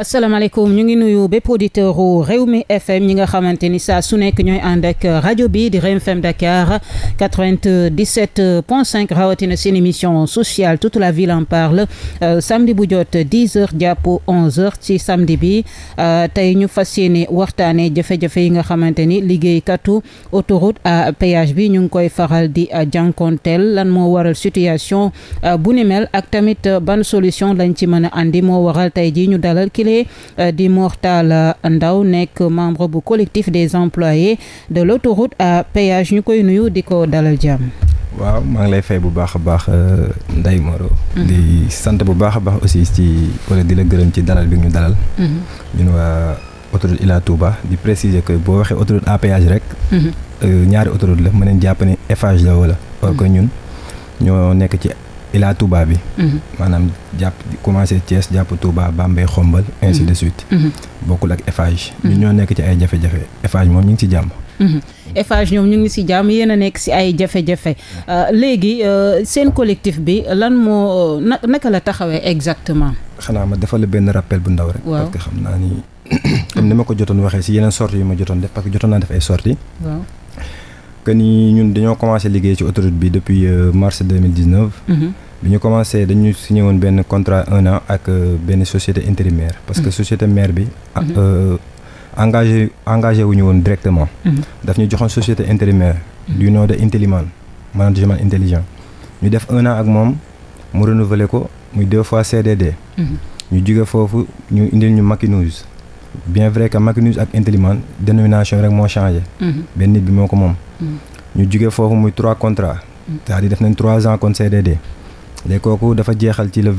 asalaamaaleykum ñu ngi nuyu bépp auditeur réew mi FM ñi nga xamante ni sa su nekk ñooy ànd ak rajo bi di Rewmi FM Dakar 97 point 5 rawatina seen mission social toute la ville en parle euh, samedi bu jot 10 heures jàpp 11 heures ci samedi bi euh, tey ñu fas yéene waxtaanee jafe-jafe yi nga xamante ni liggéeykatu autoroute à péage bi ñu ngi koy faral di euh, jànkonteel lan moo waral situation bu ni mel ak tamit ban solution lañ ci mën a andi moo waral tey ji ñu dalal ki Kilé euh, di Mortal euh, Ndaw nekk membre bu collectif des employés de l'autoroute à péage ñu koy nuyu di ko dalal jàmm. waaw maa ngi lay fay bu baax a baax euh, Ndeye Moro mm-hmm. di sant bu baax a baax aussi ci wala di la gërëm ci dalal bi ñu dalal. Mm-hmm. ñun waa autoroute Ila Touba di préciser que boo waxee autoroute à péage rek. Mm-hmm. ñaari autoroute la mën nañ jàpp ne Eiffage la wala. or que ñun ñoo nekk ci. ilaa Touba bi. Mhm. maanaam jàpp commencé Thiès jàpp Touba Bambey Xombal. ainsi de suite. Mhm. bokkul ak Eiffage. Mhm. ñun ñoo nekk ci ay jafe-jafe moom ñu ngi ci jàmm. Eiffage ñoom ñu ngi si jàmm yéen a nekk si ay jafe-jafe euh, léegi euh, seen collectif bi lan moo na naka la taxawee exactement. xanaa ma defal benn rappel bu ndaw rek. parce que xam naa ni comme ni ma ko jotoon waxee si yeneen sorties yi ma jotoon def parce que jotoon naa def ay sorties. que ni ñun dañoo commencé liggéey ci autoroute bi depuis euh, mars deux mille dix neuf. Mhm. bi ñu commencé dañu signé woon benn contrat un an ak euh, benn société intérimaire. parce que mhm. société mère bi. Mhm. Euh, engagé engagé wu ñu woon directement. daf ñu joxoon société intérimaire. du nom de Intelliman management intelligent. ñu def un ak moom mu renouveler ko muy deux fois CDD. ñu jóge foofu ñu indil ñu Makineuse. bien vrai que Macinus ak Intelliman dénomination rek moo changé. Mhm. benn nit bi moo ko moom. Mhm. ñu jugee foofu muy trois contrats. Mhm. c'est-à-dire def nañ trois ans kon CDD. léegi kooku dafa jeexal ci le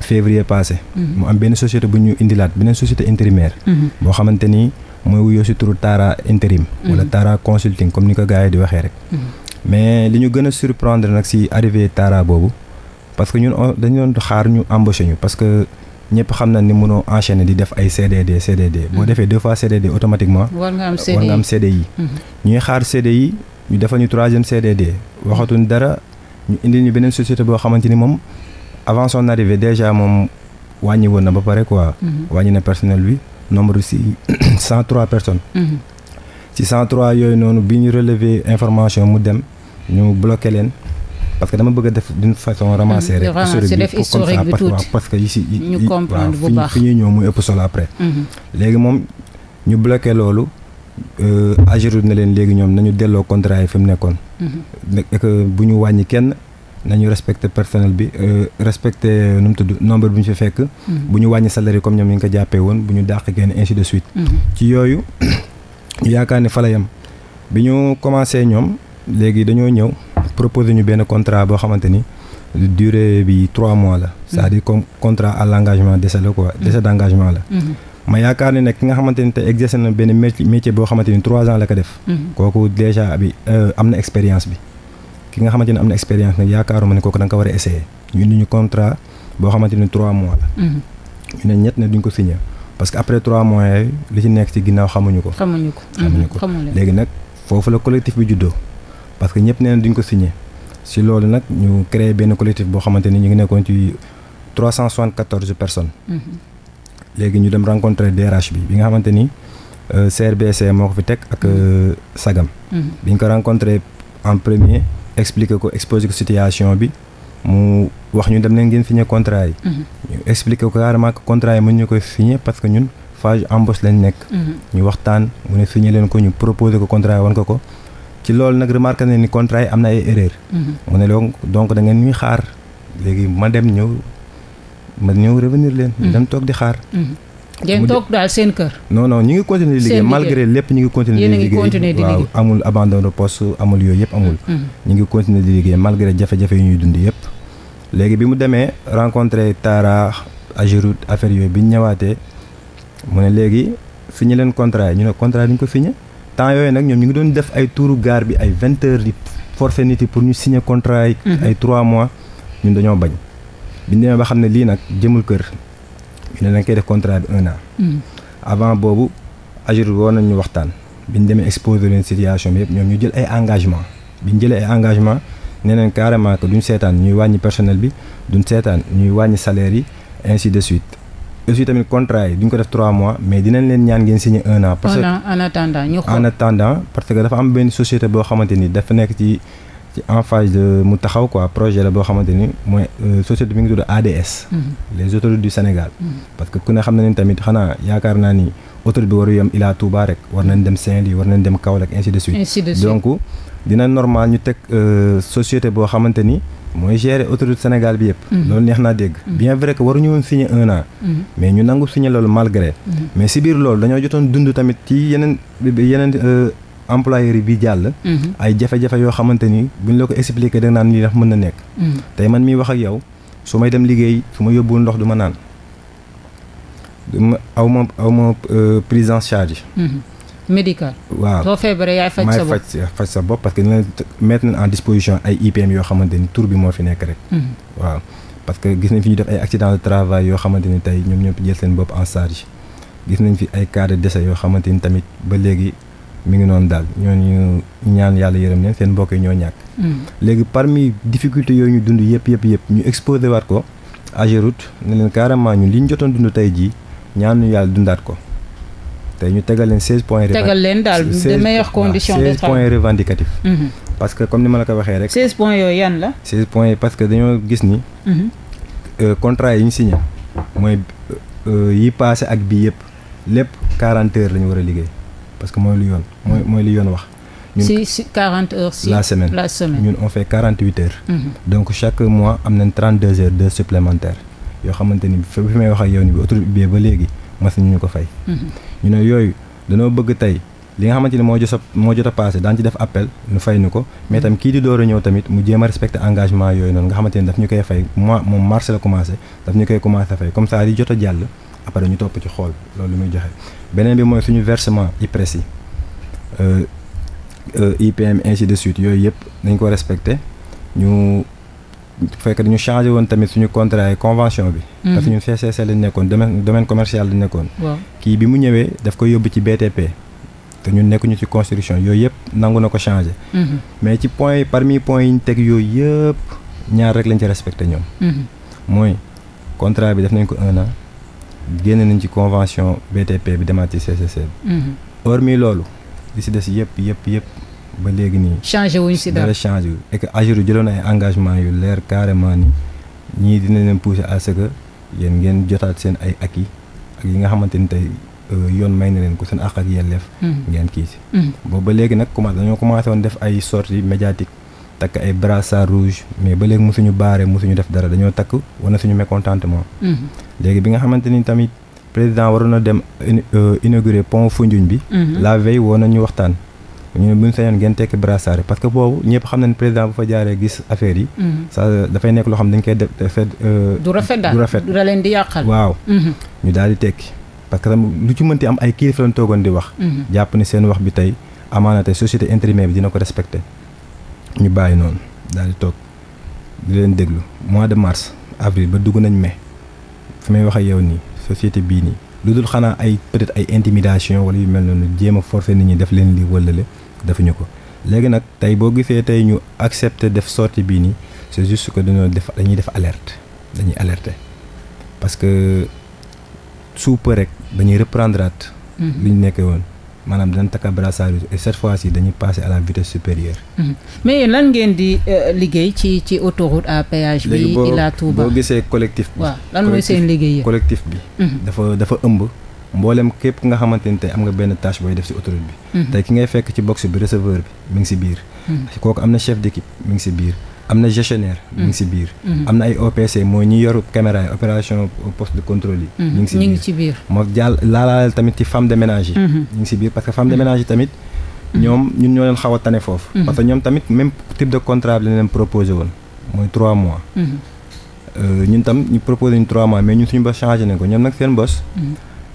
février passé. mu am benn société bu ñu indilaat beneen société intérimaire. boo xamante ni mooy wuyoo si turu Tara intérim. wala Tara consulting comme ni ko gars yi di waxee rek. mais li ñu gën a surprendre nag si arrivé Tara boobu parce que ñun dañu doon xaar ñu embauché ñëpp xam nañ ni mënoo enchaîner di def ay CDD CDD boo hmm. defee deux fois CDD automatiquement. war nga am CDI war hmm. ñuy xaar CDI ñu defal ñu troisième CDD waxatuñ dara ñu indi ñu beneen société boo xamante ni moom avant son arrivée déjà moom wàññi woon na ba pare quoi. Hmm. wàññi na personnel bi nombre ci cent trois personnes. ci cent trois yooyu noonu bi ñu relever information mu dem ñu bloqué leen. parce que dama bëgg a def d'une façon ramassée rek. historique bi tuuti parce que yi si ñu comprendre bu baax fi muy ëpp solo après. Mhm. léegi moom ñu bloqué loolu. Euh, Ageroute na leen léegi ñoom nañu delloo contrat yi nekkoon. Mhm. et que bu ñu wàññi kenn nañu respecté personnel bi euh, respecté euh, nu mu tudd nombre bi ñu fi fekk. Mhm. bu ñu wàññi salaire yi comme ñoom ñu ngi ko jàppee woon bu ñu dàq génn ainsi de suite. ci yooyu ñu yaakaar ne fa la yem bi ñu commencé ñoom léegi dañoo ñëw. proposé ñu benn contrat boo xamante ni durée bi trois mois la c'est-à-dire contrat à l'engagement décès la ko décès mhm. d'engagement la mhm. ma yaakaar ne nag ki nga xamante ni te exercé na benn métier boo xamante ni trois ans la ko def mhm. kooku déjà bi euh, am na expérience bi ki nga xamante ni am na expérience nag yaakaaruma ne kooku da nga ko war a essayer ñu indi ñu contrat boo xamante trois mois la ñu ne ñett ne duñ ko signé parce que après trois mois yooyu li ci nekk ci ginnaaw xamuñu ko xamuñu ko léegi nag foofu la collectif bi juddoo parce que ñëpp nee na duñ ko signé si loolu nag ñu créé benn collectif boo xamante ni ñu ngi nekkoon ci trois cent soixante-quatorze personnes. Mm-hmm. léegi ñu dem rencontrer DRH bi bi nga xamante ni CRBC euh, moo ko fi teg ak mm-hmm. euh, Sagam. Mm-hmm. bi ñu ko rencontré en premier expliqué ko exposé ko situation bi mu wax ñu dem leen ngeen fiñe contrat yi. ñu expliqué ko carrément que contrat yi mën ñu koy signé parce que ñun phase embauche lañ nekk. ñu waxtaan mu ne signé leen ko ñu proposé ko contrat yi ko ko. ci loolu nag remarqué na ni contrat yi am na ay erreur mhm. mu ne donc donc da ngeen ñuy xaar léegi ma dem ñëw ma ñëw revenir leen mhm. dem toog di xaar mhm. ngeen toog daal seen kër non non ñu ngi continuer di liggéey malgré lépp ñu ngi continuer di liggéey waaw amul abandon de poste amul yooyu yëpp amul ñu ngi continuer di liggéey malgré jafe-jafe yu ñuy dund yëpp léegi bi mu demee rencontré Tara Ageroute affaire yooyu bi ñu ñëwaatee mu ne léegi signé leen contrat yi ñu ne contrat duñ ko signé temps yooyu nag ñoom ñu ngi doon def ay tuuru gaar bi ay vingt heures di forfait nit yi pour ñu signer contrat mhm. ay trois mois ñu dañoo bañ. biñ demee ba xam ne lii nag jëmul kër ñu ne dañ koy def contrat bi un an. Mhm. avant boobu agir woon nañ ñu waxtaan. biñ demee exposé leen situation bi yëpp ñoom ñu jël ay engagement biñ jëlee ay engagement nee nañ carrément que duñ seetaan ñuy wàññi personnel bi duñ seetaan ñuy wàññi salaire yi ainsi de suite. aussi tamit contrat yi duñ ko def trois mais dinañ leen ñaan ngeen signé un an. parce que en attendant parce que dafa am benn société boo xamante ni dafa nekk ci en phase de mu taxaw quoi projet la boo xamante ni mooy euh, société bi ngi tudd ADS. Mhm. les autoroutes du Sénégal. Mhm. parce que ku ne xam na ne tamit xanaa yaakaar naa ni autoroute bi waru yam Ila Touba rek war nañ dem Saint-Louis war nañ dem Kaolack ainsi de suite. ainsi de suite donc dina normal ñu teg euh, société boo xamante ni. mooy gérer autoroute Sénégal bi yëpp. Mhm. loolu neex naa dégg. Mhm. bien vrai que waruñu woon signer un an. Mhm. mais ñu nangu signer loolu malgré. mais si biir loolu dañoo jotoon dund tamit ci yeneen yeneen euh, employeurs yi bi jàll. ay jafe-jafe yoo xamante ni buñ la ko expliquer da naan lii ndax mën na nekk. tey man miy wax ak yow su may dem liggéey su ma yóbbuwul ndox du ma naan. du ma aw ma aw ma euh, prise en charge. médical. waaw soo feebaree yaay faj sa bopp maay faj sa bopp parce que dina mettre nañ en disposition ay IPM yoo xamante ni tur bi moo fi nekk rek. Mm-hmm. waaw parce que gis nañ fi ñu def ay accident de travail yoo xamante ni tey ñoom ñëpp jël seen bopp en gis nañ fi ay cas de yoo xamante ni tamit ba léegi mi ngi noonu daal ñooñu ñaan yàlla yërëm leen seen mbokk yi ñoo ñàkk. Mm-hmm. léegi parmi difficulté yooyu ñu dund yëpp yëpp yëpp ñu exposé waat ko Ageroute ne leen carrément ñun li ñu jotoon dund tey jii ñaanu yàlla dundaat ko. tey ñu tegal leen seize points. tegal leen daal de meilleures conditions de travail seize points revendicatifs. Mhm. parce que comme ni ma la ko waxee rek. seize points yooyu yan la. seize points yi parce que dañoo gis ni. Mhm. Euh, contrat yi ñu signé mooy euh, yi passé ak bii yëpp lépp quarante heures la ñu war a liggéey parce que mooy lu yoon mooy mhm. mooy yoon wax. la semaine ñun on fait quarante huit heures. donc chaque mois am nañ trente deux heures yoo xamante ni fi may wax ak yow ni bi autorité bi ba léegi mas nañu ko fay. ñu ne yooyu danoo bëgg tey li nga xamante ne moo jot a moo jot a passé daan ci def appel ñu fay ni ko mais itam kii di door a ñëw tamit mu jéem a respecté engagement yooyu noonu nga xamante ni daf ñu koy fay mois moom mars la commencé daf ñu koy commencé fay comme ça di jot a jàll après ñu topp ci xool loolu muy joxe beneen bi mooy suñu versement IPRES yi euh, euh, IPM ainsi de suite yooyu yëpp dañ ko respecté ñu bu fekkee dañu changé woon tamit suñu contrat yi convention bi. Mm-hmm. parce que ñun CCC lañ nekkoon domaine domaine commercial lañ nekkoon. kii bi mu ñëwee daf koy yóbbu ci BTP. te ñun nekkuñu ci construction yooyu yëpp nangu na ko changé. Mm-hmm. mais ci point parmi point yi ñu teg yooyu yëpp ñaar rek lañ ci respecté ñoom. Mm-hmm. mooy contrat bi def nañ ko un an génn nañ ci convention BTP bi demaat ci CCC bi. hormis loolu li si des yëpp yëpp yëpp. ba léegi nii. changé wuñ si dara dara changé wu et jëloon ay engagement yu leer carrément ni ñii dina leen pousser à ce que yéen ngeen jotaat seen ay acquis ak yi nga xamante ni tey euh, yoon may na leen ko seen àq ak yelleef. Mm-hmm. ngeen kii si. Mm-hmm. boobu ba léegi nag commencé dañoo commencé woon def ay sorties médiatiques takk ay brassard rouge mais ba léegi mosuñu baaree mosuñu def dara dañoo takk wane suñu mécontentement. Mm-hmm. léegi bi nga xamante ni tamit président waroon na dem euh, inauguré bi. la veille woon nañu ñu ne bu ñu sañoon ngeen tekki brassard yi parce que boobu ñëpp xam nañ président bu fa jaaree gis mhm. nekk loo xam dañ koy def euh, du rafet daal du leen di yàqal. waaw mhm. ñu daal di tekki parce que lu ci mënti am ay kilifa lañ toogoon di wax. Mhm. jàpp ne seen wax bi tey amaana tey société intérimaire bi dina ko respecté ñu bàyyi noonu daal di toog du leen déglu mois de mars avril ba dugg nañ mais fi wax ak yow nii société bii nii lu dul xanaa ay peut ay intimidation wala yu mel noonu jéem a forcer nit ñi def leen li wëllale ñu ko léegi nag tey boo gisee tey ñu accepter def sortie bii nii c'est juste que dañoo def dañuy def alerte dañuy alerte parce que su rek ba ñuy at mm-hmm. li ñu nekkee woon maanaam dinañ takk brassard et cette fois-ci dañuy passer à la vitesse supérieure. Mm-hmm. mais lan ngeen di euh, liggéey ci ci autoroute à péage bi Ila Touba léegi boo boo gisee collectif bi. waaw lan mooy seen liggéey collectif bi. Mm-hmm. dafa dafa ëmb. mboolem képp nga xamante ni tey am nga benn tâche booy def ci autoroute bi mhm. tey ki ngay fekk ci box bi receveur bi mi ngi si biir mhm. kooku am na chef d'équipe mi ngi ci biir am na gestionnaire mi ngi ci mhm. biir ay OPC mooy ñi yoru caméra yi opération de contrôle yi ñu ngi ci biir moo jàll laalaal tamit ci femme de ménage yi ñu ngi ci biir parce que femme de ménage yi tamit ñoom ñun ñoo leen xaw a tane foofu parce que ñoom tamit même type de contrat bi lañ leen woon mooy trois euh, ñu proposé ñu trois mois mais ñun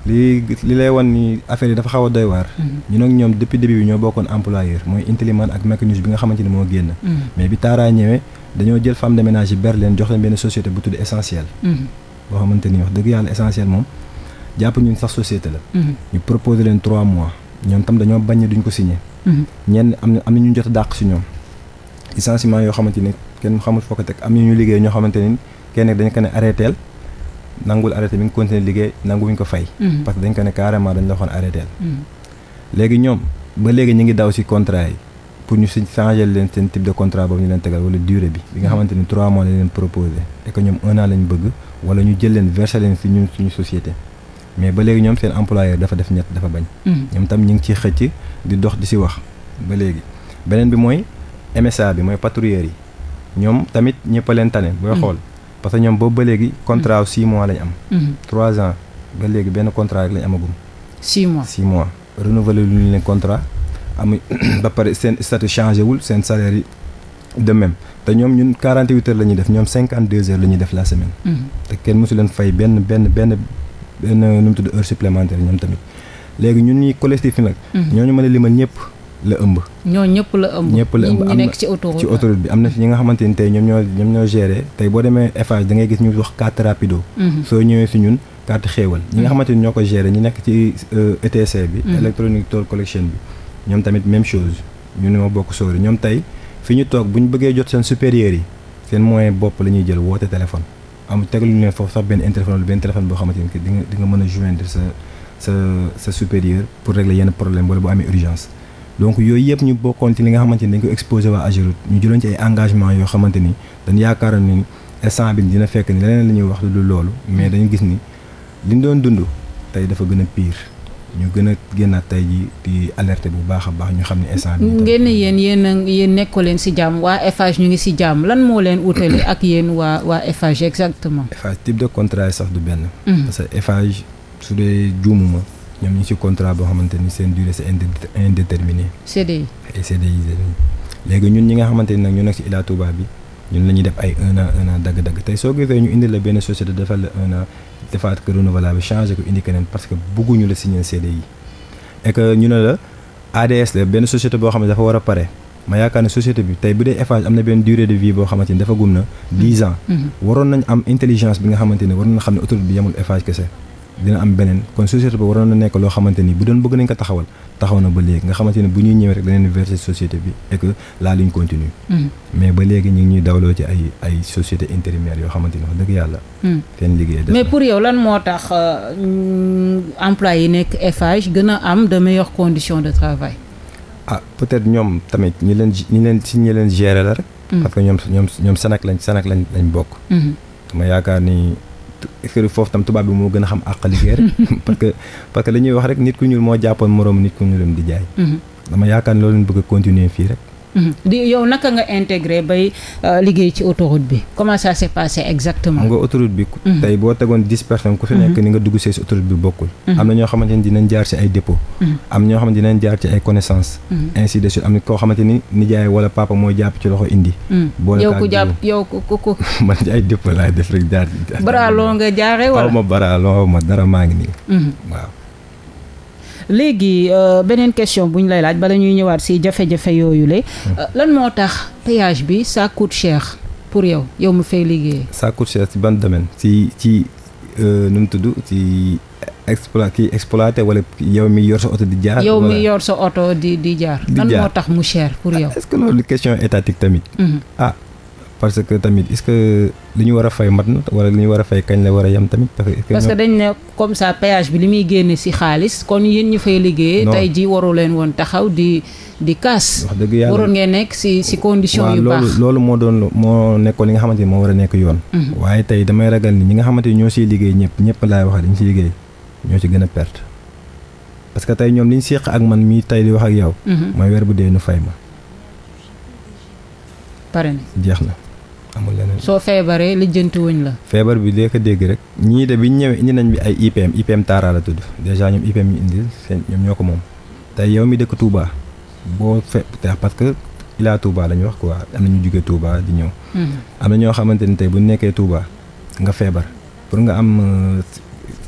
li li lay wan ni affaire yi dafa xaw a doy waar. Mm-hmm. ñu nag ñoom depuis début bi ñoo bokkoon employeur mooy Intelliman ak Mecnews bi nga xamante ni moo génn. Mm-hmm. mais bi Taaraa ñëwee dañoo jël femme de ménage yi ber jox leen benn société bu tudd essentiel. Mm-hmm. boo xamante ni wax dëgg yàlla essentiel moom jàpp ñun sax société la. ñu proposé leen trois mois ñoom tam dañoo bañ duñ ko signé. ñenn am na am na ñu jot a dàq si ñoom licenciement yoo xamante ni kenn nanguwul arrêté mi ngi continuer liggéey nanguwuñ ko fay. Mm-hmm. parce que dañ ko ne carrément dañ la waxoon mm-hmm. léegi ñoom ba léegi ñu ngi daw si contrat yi pour ñu si changer leen seen type de contrat boobu ñu leen tegal wala durée bi. bi nga mm-hmm. xamante ni trois mois lañ leen proposé et ñoom un an bëgg wala ñu jël leen verser leen si suñu société. mais ba léegi ñoom seen employeur dafa def ñett dafa bañ. ñoom tam ñu ngi ciy di dox di si wax ba léegi. beneen bi mooy MSA bi mooy patrouilleurs yi ñoom tamit ñëpp a leen tane. booy xool parce que ñoom boobu ba léegi contrat six mois lañ am. Mhm. trois ans ba léegi benn contrat rek lañ amagum. six mois six mois renouveler lu ñu leen contrat amu ba seen statut changé wul seen salaire yi de même te ñoom ñu quarante huit heures la ñuy def ñoom cinquante deux heures la ñuy def la semaine. Mhm. te kenn mosu leen fay benn benn benn benn nu mu tudd heure supplémentaire ñoom tamit léegi ñun ñuy collectif nag. Mhm. ñooñu mën a limal ñëpp. la ëmb. ñoo ñëpp la ëmb. ñëpp la ëmb am na ci autoroute bi am ñi nga xamante ni tey ñoom ñoo ñoom ñoo gérer tey boo demee Eiffage da ngay gis ñu wax carte rapido. Mhm. soo ñëwee si ñun carte xéewal. ñi nga mhm. xamante ni ñoo ko gérer ñu nekk ci ETC euh, e bi. Mhm. electronic toll collection bi. ñoom tamit même chose ñu ne ma bokk sóori ñoom tey fi ñu toog bu ñu bëggee jot seen supérieurs yi seen moyen bopp la ñuy jël woote téléphone. am tegaluñu leen foofu sax benn interphone benn téléphone boo xamante ni di nga mën a joindre sa sa sa supérieur donc yooyu yëpp ñu bokkoon ci li nga xamante ni dañ ko exposé waa Ageroute ñu jëloon ci ay engagement yoo xamante ni dañ yaakaaroon ni instant bi dina fekk ni leneen la wax lu dul loolu mais dañu gis ni li ñu doon dund tey dafa gën a pire ñu gën a génnaat tey jii di alerte bu baax a baax ñu xam ne instant bi ngeen ne yéen yéen yéen nekkoo leen si jàmm waa Eiffage ñu ngi si jàmm lan moo leen utale ak yéen waa waa Eiffage exactement Eiffage type de contrat sax du benn hmm. parce su dee juumuma ñoom ñu ngi ci contrat boo xamante ni seen durée c'est indéterminé. CDI ay CDI léegi ñun ñi nga xamante ni nag ñu nekk ci Ila Touba bi ñun la ñuy def ay un an un an dagg-dagg tey soo gisee ñu indi la benn société defal la un an defaat ko renouvelable changé ko indi keneen parce que bëgguñu la signer CDI et que ñu ne la ADS la benn société boo xam ne dafa war a pare. ma yaakaar ne société bi tey bu dee Eiffage am na benn durée de vie boo xamante ni dafa gum mm-hmm. ne ne autorité bi yemul dina am beneen kon société boobu waroon na nekk loo xamante ni bu doon bëgg nañ ko taxawal taxaw na ba léegi nga xamante ni bu ñuy ñëwee rek danañ verser société bi et que la continue mm. mais ba léegi ñu ngi ñuy dawloo ci ay ay société intérimaires yoo xamante ni wax dëgg yàlla mm. seen liggéey mais pour yow lan moo tax euh, mm, employé yi nekk Eiffage gën a am de meilleures conditions de travail ah peut-être ñoom tamit ñi leen ñi leen si ñi leen gérer la rek parce que ñoom ñoom ñoom Sénac lañ Sénac lañ lañ bokk mm-hmm. est-ce tubaab bi moo gën a xam àq liggéey rek parce que parce wax rek nit ku ñuul moo jàppoon moroom nit ku ñuulam di jaay mhm. dama yaakaar ne loolu lañ bëgg a continuer fii rek Mm-hmm. di yow naka nga intégré bay euh, liggéey ci autoroute bi comment ça s'est passé exactement. nga autoroute bi. Mm-hmm. tey boo tegoon dix personnes ku fi nekk mm-hmm. ni nga dugg see si autoroute bi bokkul. am na ñoo xamante ni dinañ jaar si ay dépôt. am ñoo xamante ni dinañ jaar ci ay connaissances. ainsi de suite am na koo xamante ni nijaay wala papa mooy jàpp ci loxo indi. boole yow ku jàpp yow ku ku. man ci ay dépôt laay def rek jaar. baraaloo nga jaaree wala xaw ma baraaloo ma dara maa ngi nii. waaw. léegi euh, beneen question bu ñu lay laaj bala ñuy ñëwaat si jafe-jafe yooyu le euh, lan moo tax péage bi ça coûte cher pour yow yow mu fay liggéey. ça coûte cher si ban domaine si ci euh, nu mu tudd ci exploit kii exploité wala yow mi yor sa oto di jaar. yow mi yor sa oto di di jaar. di jaar lan moo tax mu cher pour ah, yow. est-ce que loolu question étatique tamit. Mhm. Ah, parce que tamit est que li ñu war a fay mat na wala li ñu war a fay kañ la war a yem tamit. parce que dañ ne comme ça péage bi li muy génne ci xaalis kon yéen ñu fay liggéey. tey ji waru leen woon taxaw di di kaas. wax dëgg yàlla waroon ngeen nekk ci ci condition yu baax loolu moo doon moo nekkoon li nga xamante ni moo war a nekk yoon. Mhm. waaye tey damay ragal ni ñi nga xamante ni ñoo ciy liggéey ñëpp ñëpp laay wax dañu ciy liggéey ñoo ci gën a perte. parce que tey ñoom li ñu seq ak man mii tey li wax ak yow. Mhm. mooy weer bu dee nu fay ma. pare na amul leneen. soo feebaree lijjanti wuñ la. feebar bi dee ko dégg rek. ñii de bi ñu ñëwee indi nañ bi ay IPM IPM Tara la tudd dèjà ñoom IPM ñu indi seen ñoom ñoo ko moom. te yow mi dëkk Touba boo fe parce que ilaa Touba la ñu wax waa am na ñu jugee Touba di ñëw. Hmm. am na ñoo xamante ni tey bu nekkee Touba nga feebar pour nga am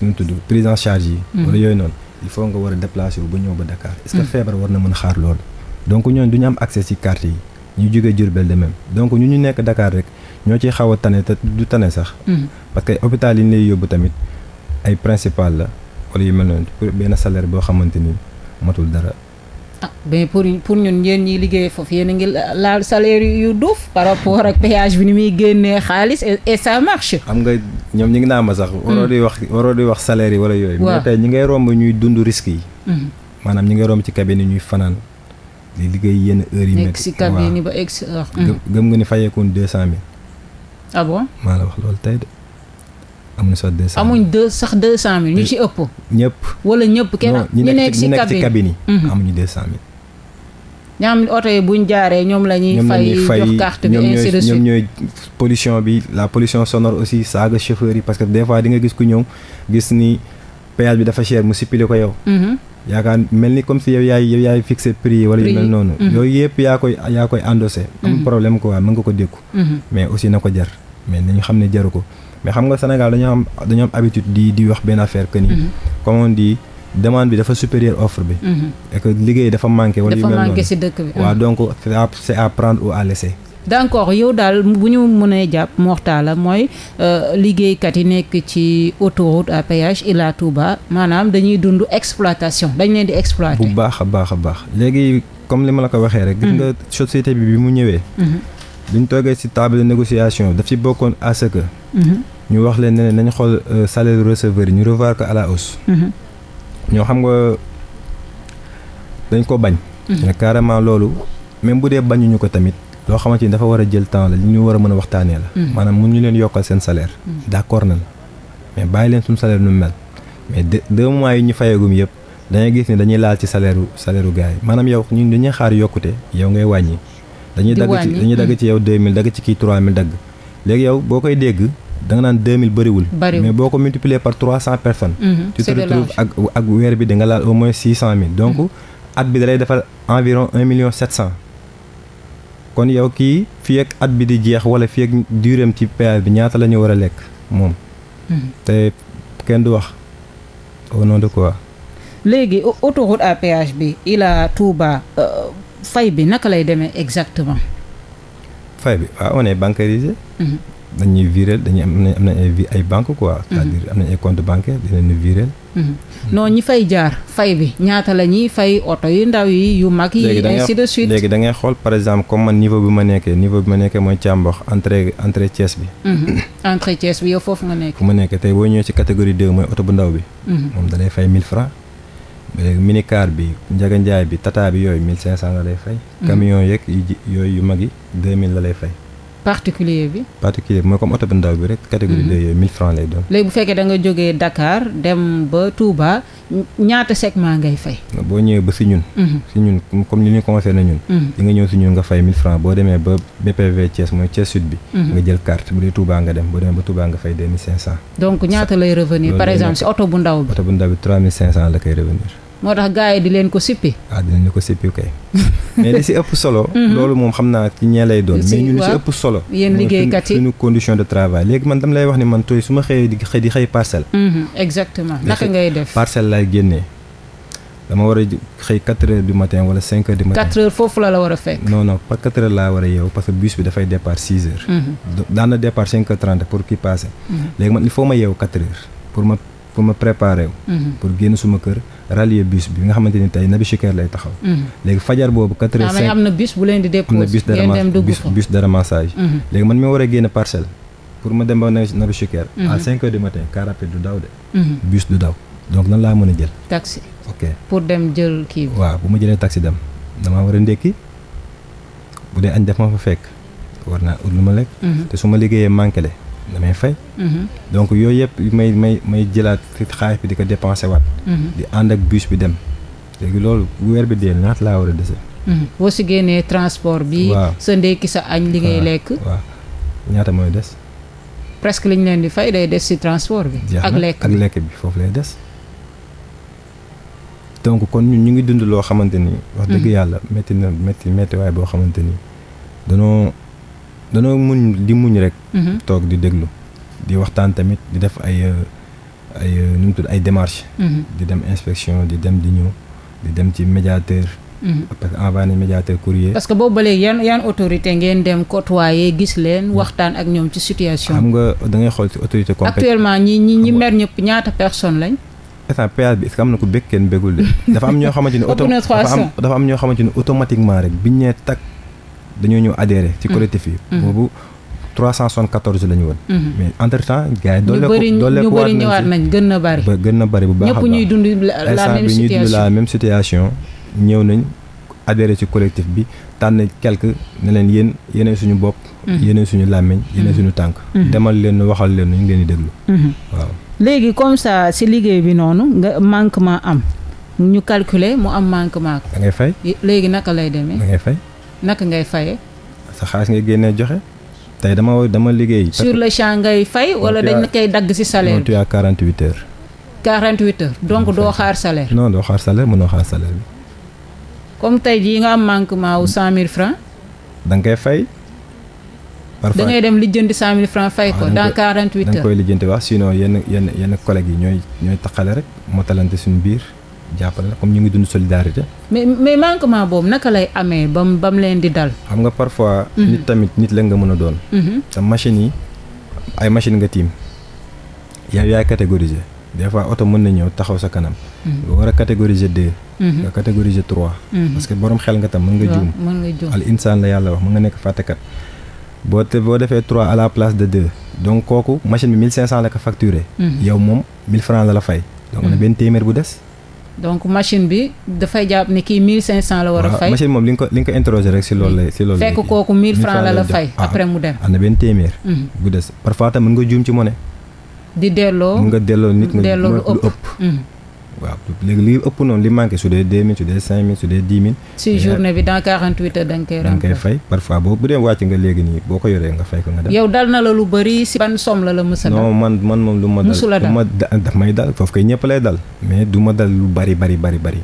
nu tudd prise en charge yi. Hmm. wala yooyu noonu il faut nga war a déplacer wu ñëw ba Dakar. est que hmm. feebar war na mën a xaar loolu. donc ñooñu du ñu am accès ci yi. ñu jóge Diourbel de même ñu ñu nekk Dakar rek ñoo ciy xaw a tane te du tane sax. Mm. parce que hôpital yi ñu lay yóbbu tamit ay principal la wala yu mel noonu pour benn salaire boo xamante ni matul dara. ah mais pour pour ñun yéen ñiy liggéey foofu yéen ngi laal salaire yu duuf par rapport ak péage bi ni muy génnee xaalis et ça marche. xam nga ñoom ñi ngi naa ma sax. Mm. waroo di wax waroo di wax salaire yi wala yooyu. mais tey ñi ngay romb ñuy dund risques yi. Mm. maanaam ñi ngay romb ci cabine ñuy fanaan. di liggéey yenn heures yu métti si cabine ba egg si wax mm. gëm nga ni fayeekoon deux cent mille ah maa la wax loolu tey de amuñ sax deux cent amuñ deux sax deux cent mille ñu ci ëpp ñëpp wala ñëpp kenn ñu nekk si cabine yi mm-hmm. amuñu deux cent mille ñaa oto yi buñ jaaree ñoom la fay jox carte ñooy pollution bi la pollution sonore aussi saaga chauffeur yi parce que des fois gis ku ñëw gis ni péage bi dafa cher mu sippile ko yow mhm. yaakaar mel ni comme si yow yaay yow yaay fixé prix yi wala yu mel noonu mhm. yooyu yëpp yaa koy yaa koy endossé am mhm. problème quoi mën nga ko dékku mais aussi na ko jar mais nañu xam ne jaru ko mais xam nga Sénégal dañoo am habitude di di wax benn affaire que ni comme on bi dafa supérieure offre bi et que liggéey dafa manqué wala yu mel noonu dafa manqué si dëkk c'est à ou à laisser d' accord yow daal bu ñu mënee jàpp la mooy euh, liggéeykat yi nekk ci autoroute à péage Ila maanaam dañuy dund exploitation dañ leen di exploiter. bu baax a baax a baax léegi comme li ma la ko waxee rek. gis nga hmm. société bi bi mu ñëwee. Hmm. bi ñu toogee ci table de négociation daf ci bokkoon à hmm. ñu wax leen ne nañ xool euh, salaire receveur yi ñu revoir ko à la hausse. ñoo xam nga dañ ko bañ. mais carrément loolu même bu dee bañuñu ko tamit. loo xamante ni dafa war a jël temps la li ñu war a mën a la. Mm. maanaam mun ñu leen yokkal seen salaire. Mm. d' accord nañ mais bàyyi leen suñu salaire nu mel mais deux mois yi ñu fayagum u yokkute yow ngay wàññi. dañuy dagg ci mm. yow dagg ci kii dagg léegi yow boo koy dégg. da naan 2000 bëriwul mais boo ko multiplier par personnes mm-hmm. tu te retrouves ak weer bi da laal au moins 600000 mm-hmm. bi da lay environ kon yow kii fii at bi di jeex wala fii ak ci péage bi ñaata lañu war a lekk moom. Hmm. te kenn du wax au nom de quoi. léegi autoroute à péage bi Ila Touba euh, fay bi naka lay demee exactement. fay bi waaw on est bancarisé. Hmm. dañuy virer dañuy am nañ am nañ ay banque quoi. Hmm. c'est-à-dire am nañ ay compte bancaire dinañu virer. Mhm. non ñi fay jaar fay bi ñaata la ñuy fay oto yu ndaw yi yu mag yi si de suite léegi da ngay xool par exemple comme ma niveau bi ma nekkee niveau bi ma nekkee mooy càmbox entrée entrée Thiès bi mhm. entrée Thiès bi yow foofu nga nekk fu ma nekkee tey boo ñëwee ci catégorie 2 mooy oto bu ndaw bi mhm. moom da fay 1000 francs léegi bi bi njaganjaay bi tata bi yooyu 1500 la lay fay camion yeeg yooyu yu mag yi 2000 la lay fay particulier bi. particulier bi mooy comme oto bu ndaw bi rek. catégorie de yooyu 1000 lay doon. léegi bu fekkee da jógee Dakar dem ba Touba ñaata segment ngay fay. boo ñëwee ba si ñun. Mhm. si ñun comme li ñu concerné ñun. Mhm. di ñëw si ñun nga fay 1000 francs boo demee ba BPV Thiès mooy Thiès sud bi. Mhm. nga jël carte bu dee Touba nga dem boo demee ba Touba nga fay 2500. donc ñaata lay revenir par exemple si oto bu ndaw bi. oto bu ndaw bi moo tax gars di leen ko sippi. waaw ah, dinañ la ko sippi kay. mais li si ëpp solo. Mhm. loolu moom xam naa ci ñee lay doon. mais ñu li si ëpp solo. yéen liggéeykat yi suñu condition de travail léegi man dama lay ni man tooy su ma xëyee di xëy di xëy parcelle. Mhm, exactement naka ngay def parcelle génnee. dama war a xëy 4 du matin wala 5 foofu la la war a fekk. non pas 4 laa war a yeewu parce que bus bi dafay départ 6 heures. Mhm. daan na départ 5 pour kii paase. léegi pour ma préparer wu. Mhm. pour génn suma kër rallier bus bi nga xamante ni tey Nabi Chikar lay taxaw. Mhm. léegi fajar boobu quatre heures ah, cinq am na bus bu leen di déposé. am na bus de bus mhm. léegi man mi war a génn parcelle pour ma dem ba Nabi à cinq heures du matin car du daw de. bus du daw donc lan laa mën a jël. taxi ok pour dem jël kii bi. bu ma jëlee taxi dem damaa war a ndékki bu dee añ def ma fa fekk war naa ut lu ma lekk. te su ma liggéeyee manqué damay fay. Mhm. donc yooyu yëpp may may may jëlaat xaalis bi di ko dépensé waat. Mhm. di ànd ak bus bi dem. léegi loolu weer bi dee naat laa war a dese. Mhm. boo si génnee transport bi. sa ndékki sa añ li ngay lekk. waaw ñaata mooy des. presque li ñu leen di fay day des si transport bi. ak lekk bi foofu lay des. donc kon ñu ñu ngi dund loo xamante ni. wax dëgg yàlla métti na métti métti waaye boo xamante danoo. danoo muñ di muñ rek. Mhm. toog di déglu di waxtaan tamit di def ay ay nu mu tudd ay démarches. Mhm. di dem inspection di dem di ñëw di dem ci médiateur. Mhm. parce que envoyé nañ médiateur courrier. parce que boobu ba léegi yan yan autorité ngeen dem waaye gis leen waxtaan ak ñoom ci situation. xam nga da ngay xool ci autorité compétente. actuellement ñi ñi ñi mer ñëpp ñaata personne lañ. instant péage bi est am na ko bëgg kenn bëggul de. dafa am ñoo xamante ni auto dafa am dafa ñoo xamante ni automatiquement rek biñ ñee takk. dañoo ñëw adhéré ci mm-hmm. collectif yi. Mm-hmm. boobu 374 la ñu woon. Mm-hmm. mais entre temps gars ñu bëri ñëwaat nañ gën na bëri. ba gën na bëri bu baax a baax ñëpp bi ñuy dund la même situation ñëw nañ adhéré ci collectif bi tànn quelque ne leen yéen yéenay suñu bopp. yéenay suñu làmmiñ yéenay suñu tànk. demal leen waxal leen ñu ngi leen di déglu. waaw léegi comme ça si liggéey bi noonu nga manquement am ñu calculer mu am manquement. da ngay fay léegi naka lay demee naka ngay fayee. sa xaalis ngay génnee joxe tey dama dama liggéey. sur le champ ngay fay wala dañ koy dagg ci salaire bi. tu as 48 heures. 48 donc doo xaar salaire. non doo xaar salaire mënoo xaar salaire comme tey jii nga am manquement wu 100000 francs da nga koy fay. parfois da ngay dem lijjanti 100000 francs fay ko dans 48 heures. da nga koy lijjanti wax sinon yenn yenn yenn collègues yi ñooy ñooy taqale rek moo suñu biir. jàppale comme ñu ngi dund solidarité. mais mais manquement boobu naka lay amee ba mu leen di dal. xam nga parfois. Mhm. nit tamit nit la nga mën a doon. Mhm. te machine yi ay machine nga tiim yow yaay catégoriser des fois oto mën na ñëw taxaw sa kanam. Mhm. nga war a catégoriser deux. nga catégoriser trois. parce que borom xel nga tam mën nga juum. al insaan la yàlla wax mën nga nekk fàttekat. boo te boo defee trois à la place de de donc kooku machine bi mille cinq cent la ko facturé. yow moom la la fay. donc na bu des. donc machine bi dafay jàpp ne kii 1500 la war a fay. machine moom li nga li nga ko interroger rek si loolu lay. si loolu lay fekk kooku 1000 francs la la fay après mu ah, dem. am na benn téeméer. Mhm. bu des parfois tam mën nga juum ci monnaie. di delloo mën nga delloo nit nga lu ëpp. Mhm. waaw léegi li ëpp noonu li manqué su dee 2000 su dee 5000 su dee 10 000. si journée bi dans 48 heures da nga koy. da parfois boo bu dee wàcc nga léegi nii boo ko yoree nga fay ko nga dem. yow dal na la lu bëri si ban somme la la mës a dal. non man man moom lu ma dal mësula dal daf may dal foofu kay ñëpp lay dal. mais du ma dal lu bari bari bari bari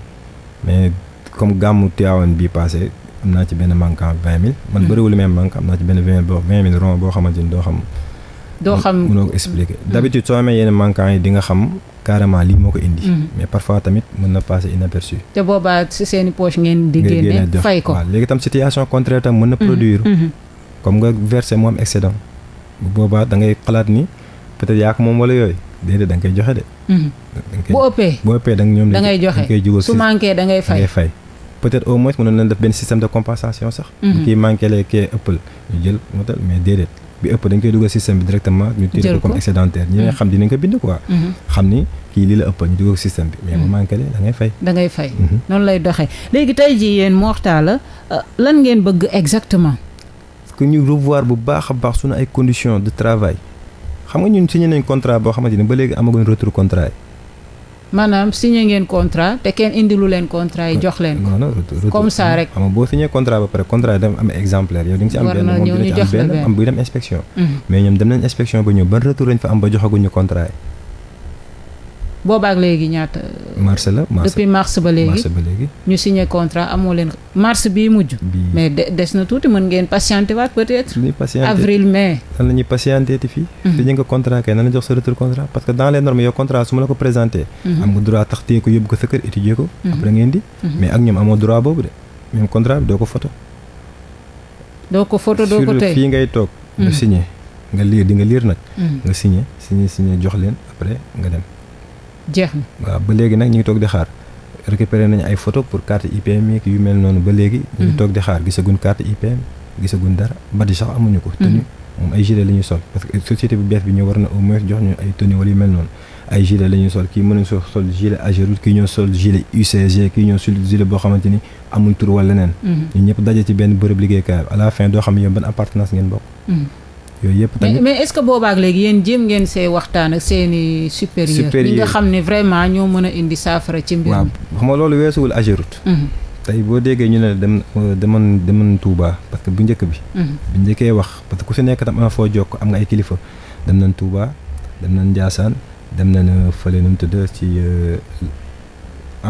mais comme gàmmu Tiwaawan bii passé am naa ci benn manquant 20000. man hmm. bëriwul même manquant am naa ci benn 20000 boo xamante ni doo xam. doo xam munoo ko expliquer d'habitude soo amee yenn manquant yi di xam carrément lii moo ko indi. Mm-hmm. mais parfois tamit mën na passer inaperçu. te boobaa si seen i poche ngeen di génne fay ko waaw léegi tam situation contraire tam mën na mm-hmm. produire. Mm-hmm. comme nga verser moom excédent. bu boobaa da xalaat ni peut yaa ko moom wala yooyu déedéet da nga joxe de. bu ëppee bu ëppee da ñoom da ngay joxe su manqué da ngay fay da ngay fay. peut-être au def benn bi ëpp dañ koy dugal système bi directement ñu téye ko comme excédentaire ñi nga mm. xam dinañ ko bind quoi mm-hmm. xam ni kii lii la ëpp ñu dugal système bi mais bu mm-hmm. manqué ngay fay da ngay fay mm-hmm. noonu lay doxee léegi tey jii yéen Mor Talla euh, lan ngeen bëgg exactement parce que ñu revoir bu baax a baax suñu ay conditions de travail xam nga ñun signé nañ contrat boo xamante ni ba léegi amaguñ retour contrat yi maanaam signé ngeen contrat te kenn indilu leen contrat yi jox leen ko. comme ça rek. xam boo signé contrat ba pare contrat yi dafa am exemplaire yow di nga ci am benn am buy dem inspection. Mhm. mais ñoom dem nañ inspection ba ñëw ban retour lañ fa am ba joxaguñu contrat yi. boobaak léegi ñaata. mars la mars depuis mars ba léegi mars ba léegi. ñu signé contrat amoo mujj. mais des na tuuti mën ngeen patienté waat peut-être. avril mai. nan la ñuy patienté ti fii. te mhm. ñu nga contrat kay nan la jox sa retour contrat parce que dans les normes yow contrat su ma la ko présenté. Mhm. am nga droit tax téye ko yóbbu ko sa kër étudier ko. Mhm. après ngeen di. mais ak ñoom amoo droit boobu de même contrat bi doo ko photo. doo ko photo doo ko tey fii ngay toog. nga signé nga liir di jeex na waaw ba léegi nag ñu toog di xaar récupéré nañu ay photo pour carte IPM yi yu mel noonu ba léegi ñu mhm. toog di xaar gisaguñ carte IPM gisaguñ dara badi sax amuñu ko tenue mhm. moom ay gilet la sol parce que société bu bees bi ñu war na jox ñu ay tenue wala yu mel noonu ay gilet la sol kii mën nañ so sol gilet Ageroute kii ñoo sol gilet UCG kii ñoo sol gilet boo xamante ni amul tur leneen mhm. ñu ñëpp daje ci benn bërëb liggéeykaay à la fin yooyu yëpp tamit mais est-ce que boobaak léegi yéen jéem ngeen see waxtaan ak seen i supérieur ñi nga xam ne vraiment ñoo mën a indi saafara ci mbir mi xam nga loolu weesuwul Ageroute mm-hmm. tey boo déggee ñu ne dem euh, demoon demoon Touba parce que bu njëkk bi mm-hmm. bu njëkkee wax parce que ku si nekk tam am foo jokk am nga ay kilifa dem nañ Touba dem nañ Ndiassane dem nañ euh, fële nu mu ci euh,